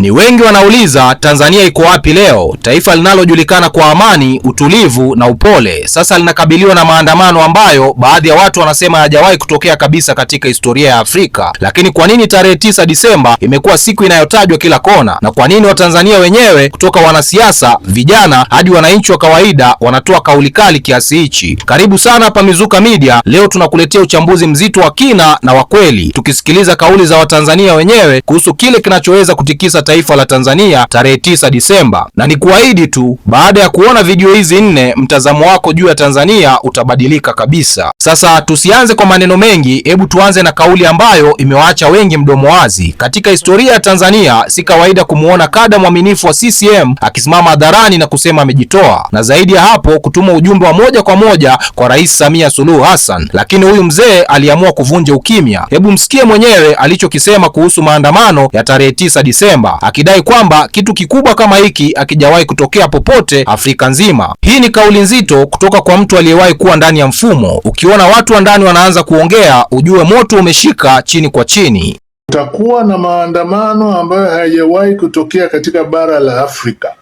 Ni wengi wanauliza Tanzania iko wapi leo? Taifa linalojulikana kwa amani, utulivu na upole, sasa linakabiliwa na maandamano ambayo baadhi ya watu wanasema hayajawahi kutokea kabisa katika historia ya Afrika. Lakini kwa nini tarehe tisa Disemba imekuwa siku inayotajwa kila kona? Na kwa nini Watanzania wenyewe kutoka wanasiasa, vijana hadi wananchi wa kawaida wanatoa kauli kali kiasi hichi? Karibu sana hapa Mizuka Media. Leo tunakuletea uchambuzi mzito wa kina na wa kweli, tukisikiliza kauli za Watanzania wenyewe kuhusu kile kinachoweza kutikisa taifa la Tanzania tarehe 9 Disemba, na ni kuahidi tu, baada ya kuona video hizi nne, mtazamo wako juu ya Tanzania utabadilika kabisa. Sasa tusianze kwa maneno mengi, hebu tuanze na kauli ambayo imewaacha wengi mdomo wazi. Katika historia ya Tanzania si kawaida kumuona kada mwaminifu wa CCM akisimama hadharani na kusema amejitoa, na zaidi ya hapo kutuma ujumbe wa moja kwa moja kwa Rais Samia Suluhu Hassan, lakini huyu mzee aliamua kuvunja ukimya. Hebu msikie mwenyewe alichokisema kuhusu maandamano ya tarehe 9 Disemba akidai kwamba kitu kikubwa kama hiki akijawahi kutokea popote Afrika nzima. Hii ni kauli nzito kutoka kwa mtu aliyewahi kuwa ndani ya mfumo. Ukiona watu wa ndani wanaanza kuongea, ujue moto umeshika chini kwa chini. Utakuwa na maandamano ambayo hayajawahi kutokea katika bara la Afrika,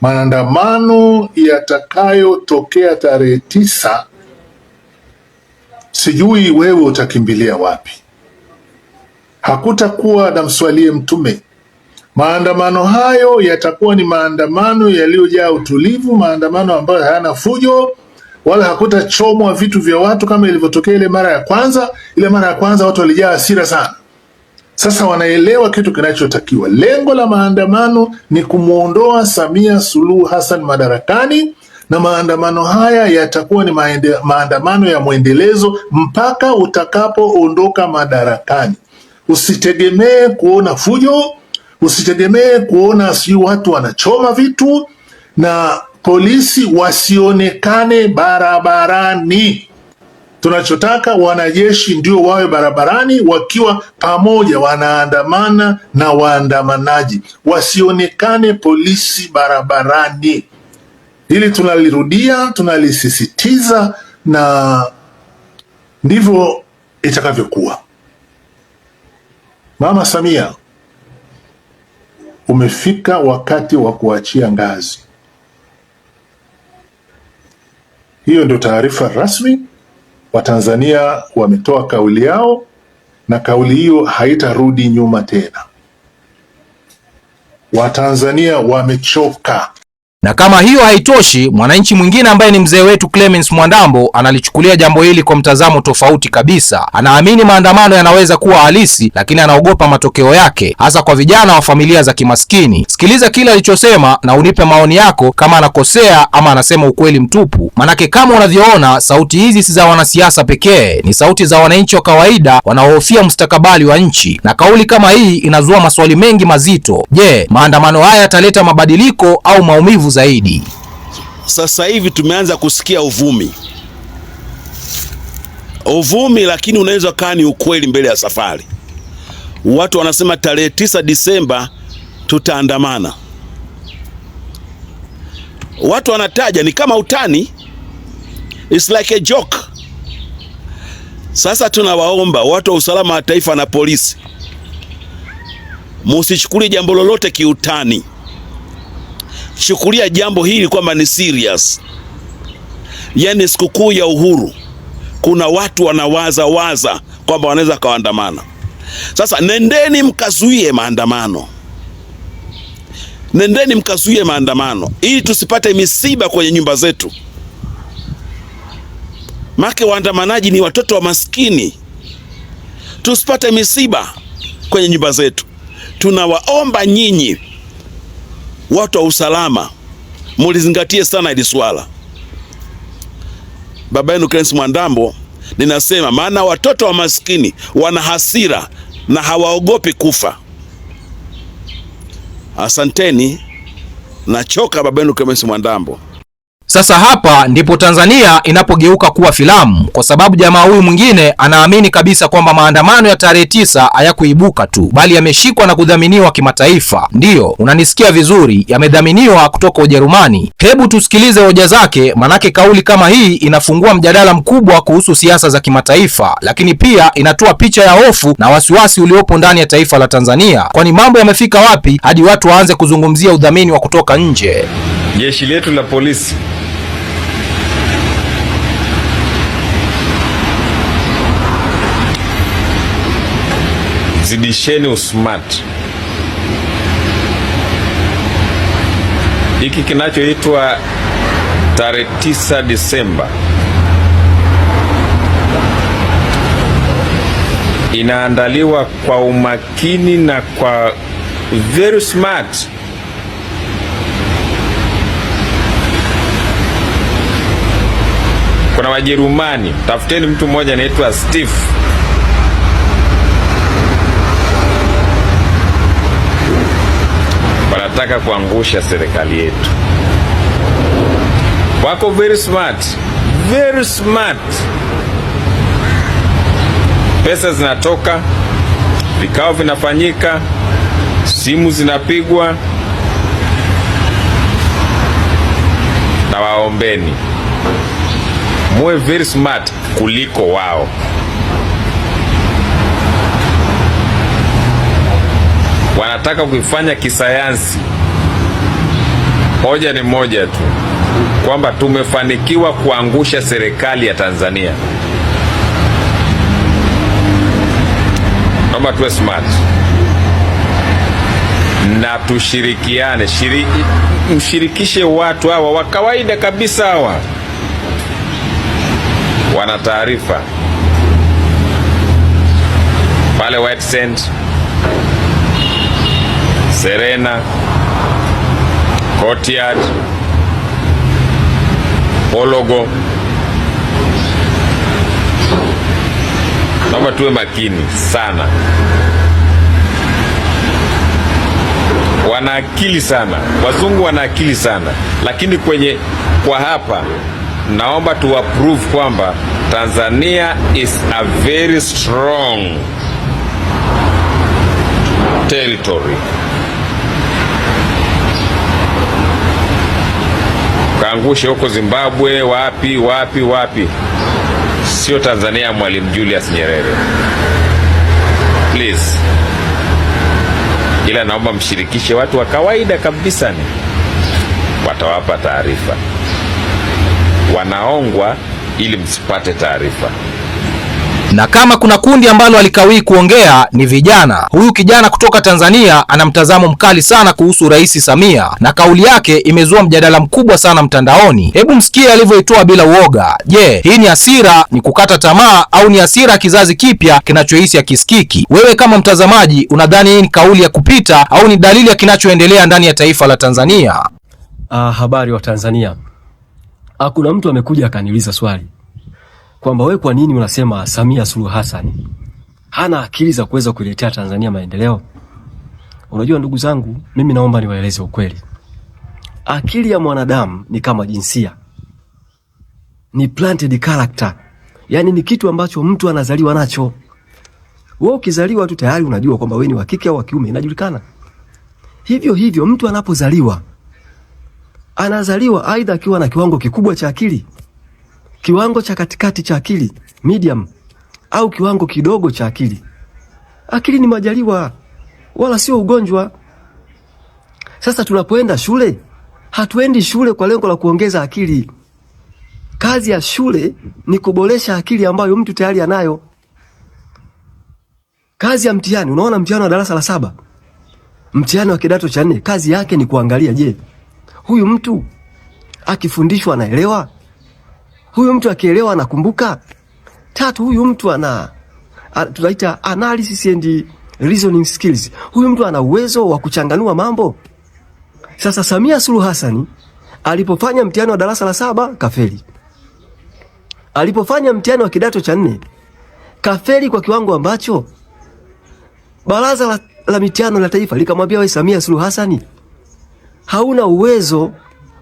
maandamano yatakayotokea tarehe tisa. Sijui wewe utakimbilia wapi. Hakutakuwa na mswalie Mtume, Maandamano hayo yatakuwa ni maandamano yaliyojaa utulivu, maandamano ambayo hayana fujo wala hakutachomwa vitu vya watu kama ilivyotokea ile mara ya kwanza. Ile mara ya kwanza watu walijaa hasira sana. Sasa wanaelewa kitu kinachotakiwa. Lengo la maandamano ni kumwondoa Samia Suluhu Hassan madarakani, na maandamano haya yatakuwa ni maende, maandamano ya mwendelezo mpaka utakapoondoka madarakani. Usitegemee kuona fujo Usitegemee kuona sijui watu wanachoma vitu na polisi wasionekane barabarani. Tunachotaka wanajeshi ndio wawe barabarani wakiwa pamoja, wanaandamana na waandamanaji, wasionekane polisi barabarani. Hili tunalirudia, tunalisisitiza na ndivyo itakavyokuwa. Mama Samia Umefika wakati wa kuachia ngazi. Hiyo ndio taarifa rasmi. Watanzania wametoa kauli yao na kauli hiyo haitarudi nyuma tena. Watanzania wamechoka. Na kama hiyo haitoshi, mwananchi mwingine ambaye ni mzee wetu Clemens Mwandambo analichukulia jambo hili kwa mtazamo tofauti kabisa. Anaamini maandamano yanaweza kuwa halisi, lakini anaogopa matokeo yake, hasa kwa vijana wa familia za kimaskini. Sikiliza kile alichosema na unipe maoni yako, kama anakosea ama anasema ukweli mtupu. Manake kama unavyoona, sauti hizi si za wanasiasa pekee, ni sauti za wananchi wa kawaida wanaohofia mustakabali wa nchi, na kauli kama hii inazua maswali mengi mazito. Je, maandamano haya yataleta mabadiliko au maumivu zaidi. Sasa hivi tumeanza kusikia uvumi, uvumi, lakini unaweza kaa ni ukweli mbele ya safari. Watu wanasema tarehe tisa Disemba tutaandamana, watu wanataja ni kama utani, it's like a joke. Sasa tunawaomba watu wa usalama wa taifa na polisi, musichukulie jambo lolote kiutani chukulia jambo hili kwamba ni serious. Yaani sikukuu ya uhuru, kuna watu wanawaza waza kwamba wanaweza kawaandamana. Sasa nendeni mkazuie maandamano, nendeni mkazuie maandamano ili tusipate misiba kwenye nyumba zetu. Make waandamanaji ni watoto wa maskini, tusipate misiba kwenye nyumba zetu. Tunawaomba nyinyi watu wa usalama mulizingatie sana hili swala. Baba yenu Clarence Mwandambo ninasema, maana watoto wa maskini wana hasira na hawaogopi kufa. Asanteni, nachoka. Baba yenu Clarence Mwandambo. Sasa hapa ndipo Tanzania inapogeuka kuwa filamu, kwa sababu jamaa huyu mwingine anaamini kabisa kwamba maandamano ya tarehe tisa hayakuibuka tu, bali yameshikwa na kudhaminiwa kimataifa. Ndiyo, unanisikia vizuri, yamedhaminiwa kutoka Ujerumani. Hebu tusikilize hoja zake, manake kauli kama hii inafungua mjadala mkubwa kuhusu siasa za kimataifa, lakini pia inatoa picha ya hofu na wasiwasi uliopo ndani ya taifa la Tanzania, kwani mambo yamefika wapi hadi watu waanze kuzungumzia udhamini wa kutoka nje? Jeshi letu la polisi zidisheni usmart. Hiki kinachoitwa tarehe 9 Disemba inaandaliwa kwa umakini na kwa very smart. Kuna Wajerumani, tafuteni mtu mmoja anaitwa Steve wanataka kuangusha serikali yetu. Wako very smart, very smart. Pesa zinatoka, vikao vinafanyika, simu zinapigwa, na waombeni muwe very smart kuliko wao. wanataka kuifanya kisayansi. Hoja ni moja tu kwamba tumefanikiwa kuangusha serikali ya Tanzania. Naomba tuwe smart na tushirikiane, shiri, mshirikishe watu hawa wa kawaida kabisa. Hawa wana taarifa pale White Sand Serena, Courtyard, Ologo. Naomba tuwe makini sana, wana akili sana wazungu, wana akili sana lakini kwenye kwa hapa naomba tuwaprove kwamba Tanzania is a very strong territory. Kaangushe huko Zimbabwe, wapi wapi wapi, sio Tanzania Mwalimu Julius Nyerere. Please, ila naomba mshirikishe watu wa kawaida kabisa, ni watawapa taarifa, wanaongwa ili msipate taarifa na kama kuna kundi ambalo alikawii kuongea ni vijana. Huyu kijana kutoka Tanzania ana mtazamo mkali sana kuhusu Rais Samia na kauli yake imezua mjadala mkubwa sana mtandaoni. Hebu msikie alivyoitoa bila uoga. Je, hii ni hasira, ni kukata tamaa au ni hasira ya kizazi kipya kinachohisi akisikiki? Wewe kama mtazamaji, unadhani hii ni kauli ya kupita au ni dalili ya kinachoendelea ndani ya taifa la Tanzania? Ah, habari wa Tanzania. Ah, kuna mtu amekuja akaniuliza swali kwamba wewe kwa nini unasema Samia Suluhu Hassan hana akili za kuweza kuiletea Tanzania maendeleo? Unajua ndugu zangu, mimi naomba niwaeleze ukweli. Akili ya mwanadamu ni kama jinsia, ni planted character, yaani ni kitu ambacho mtu anazaliwa nacho. Wewe ukizaliwa tu tayari unajua kwamba wewe ni wa kike au wa kiume, inajulikana hivyo hivyo. Mtu anapozaliwa anazaliwa aidha akiwa na kiwango kikubwa cha akili kiwango cha katikati cha akili medium, au kiwango kidogo cha akili. Akili ni majaliwa, wala sio ugonjwa. Sasa tunapoenda shule, hatuendi shule kwa lengo la kuongeza akili. Kazi ya shule ni kuboresha akili ambayo mtu tayari anayo. Kazi ya mtihani, unaona mtihani wa darasa la saba, mtihani wa kidato cha nne, kazi yake ni kuangalia, je, huyu mtu akifundishwa anaelewa? Huyu mtu akielewa anakumbuka. Tatu, huyu mtu ana tunaita analysis and reasoning skills. Huyu mtu ana uwezo wa kuchanganua mambo. Sasa Samia Suluhu Hassan alipofanya mtihani wa darasa la saba kafeli, alipofanya mtihani wa kidato cha nne kafeli kwa kiwango ambacho baraza la, la mitihani la taifa likamwambia, wewe Samia Suluhu Hassan hauna uwezo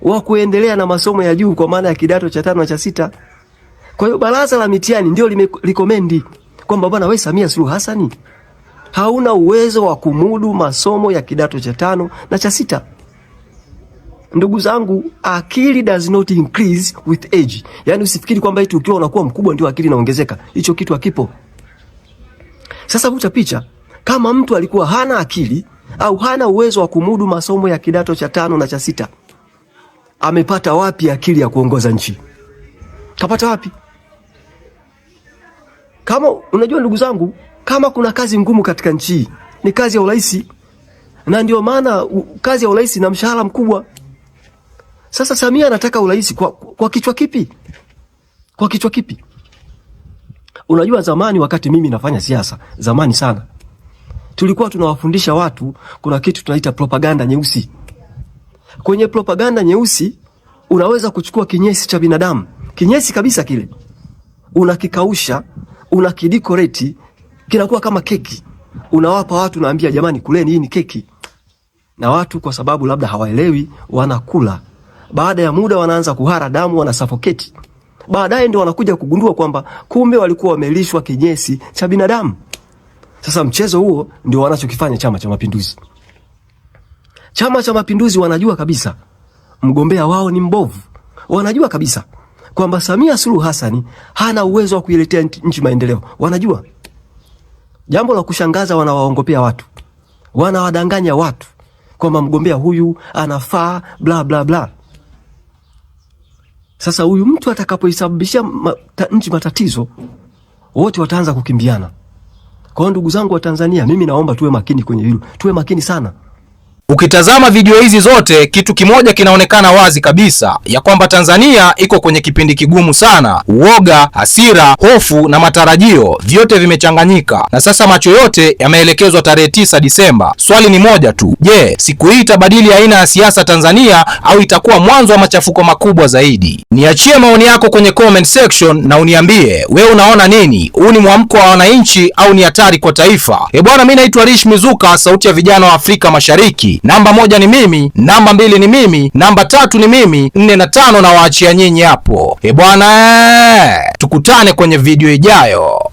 wa kuendelea na masomo ya juu kwa maana ya kidato cha tano na cha sita. Kwa hiyo baraza la mitihani ndio limerekomendi kwamba bwana wewe Samia Suluhu Hassan hauna uwezo wa kumudu masomo ya kidato cha tano na cha sita. Ndugu zangu, akili does not increase with age. Yaani usifikiri kwamba eti ukiwa unakuwa mkubwa ndio akili inaongezeka. Hicho kitu hakipo. Sasa vuta picha, kama mtu alikuwa hana akili au hana uwezo wa kumudu masomo ya kidato cha tano na cha sita amepata wapi akili ya kuongoza nchi? Kapata wapi? Kama unajua, ndugu zangu, kama kuna kazi ngumu katika nchi ni kazi ya urais, na ndio maana kazi ya urais na mshahara mkubwa. Sasa Samia anataka urais kwa, kwa kichwa kipi? Kwa kichwa kipi? Unajua, zamani wakati mimi nafanya siasa, zamani sana, tulikuwa tunawafundisha watu kuna kitu tunaita propaganda nyeusi. Kwenye propaganda nyeusi unaweza kuchukua kinyesi cha binadamu, kinyesi kabisa kile, unakikausha, unakidekoreti, kinakuwa kama keki, unawapa watu, naambia jamani, kuleni, hii ni keki. Na watu kwa sababu labda hawaelewi, wanakula. Baada ya muda wanaanza kuhara damu, wanasafoketi. Baadaye ndio wanakuja kugundua kwamba kumbe walikuwa wamelishwa kinyesi cha binadamu. Sasa mchezo huo ndio wanachokifanya Chama cha Mapinduzi. Chama cha Mapinduzi wanajua kabisa mgombea wao ni mbovu, wanajua kabisa kwamba Samia Suluhu Hassan hana uwezo wa kuiletea nchi maendeleo. Wanajua jambo la kushangaza, wanawaongopea watu, wanawadanganya watu kwamba mgombea huyu anafaa bla bla bla. Sasa huyu mtu atakapoisababishia ma, nchi matatizo, wote wataanza kukimbiana. kwao. ndugu zangu wa Tanzania, mimi naomba tuwe makini kwenye hilo, tuwe makini sana. Ukitazama video hizi zote, kitu kimoja kinaonekana wazi kabisa, ya kwamba Tanzania iko kwenye kipindi kigumu sana. Uoga, hasira, hofu na matarajio vyote vimechanganyika, na sasa macho yote yameelekezwa tarehe tisa Disemba. Swali ni moja tu, je, siku hii itabadili aina ya siasa Tanzania au itakuwa mwanzo wa machafuko makubwa zaidi? Niachie maoni yako kwenye comment section na uniambie wewe unaona nini. Huu ni mwamko wa wananchi au ni hatari kwa taifa? Ebwana, eh mi naitwa Rish Mizuka, sauti ya vijana wa Afrika Mashariki. Namba moja ni mimi, namba mbili ni mimi, namba tatu ni mimi, nne na tano na waachia nyinyi hapo. E bwana, tukutane kwenye video ijayo.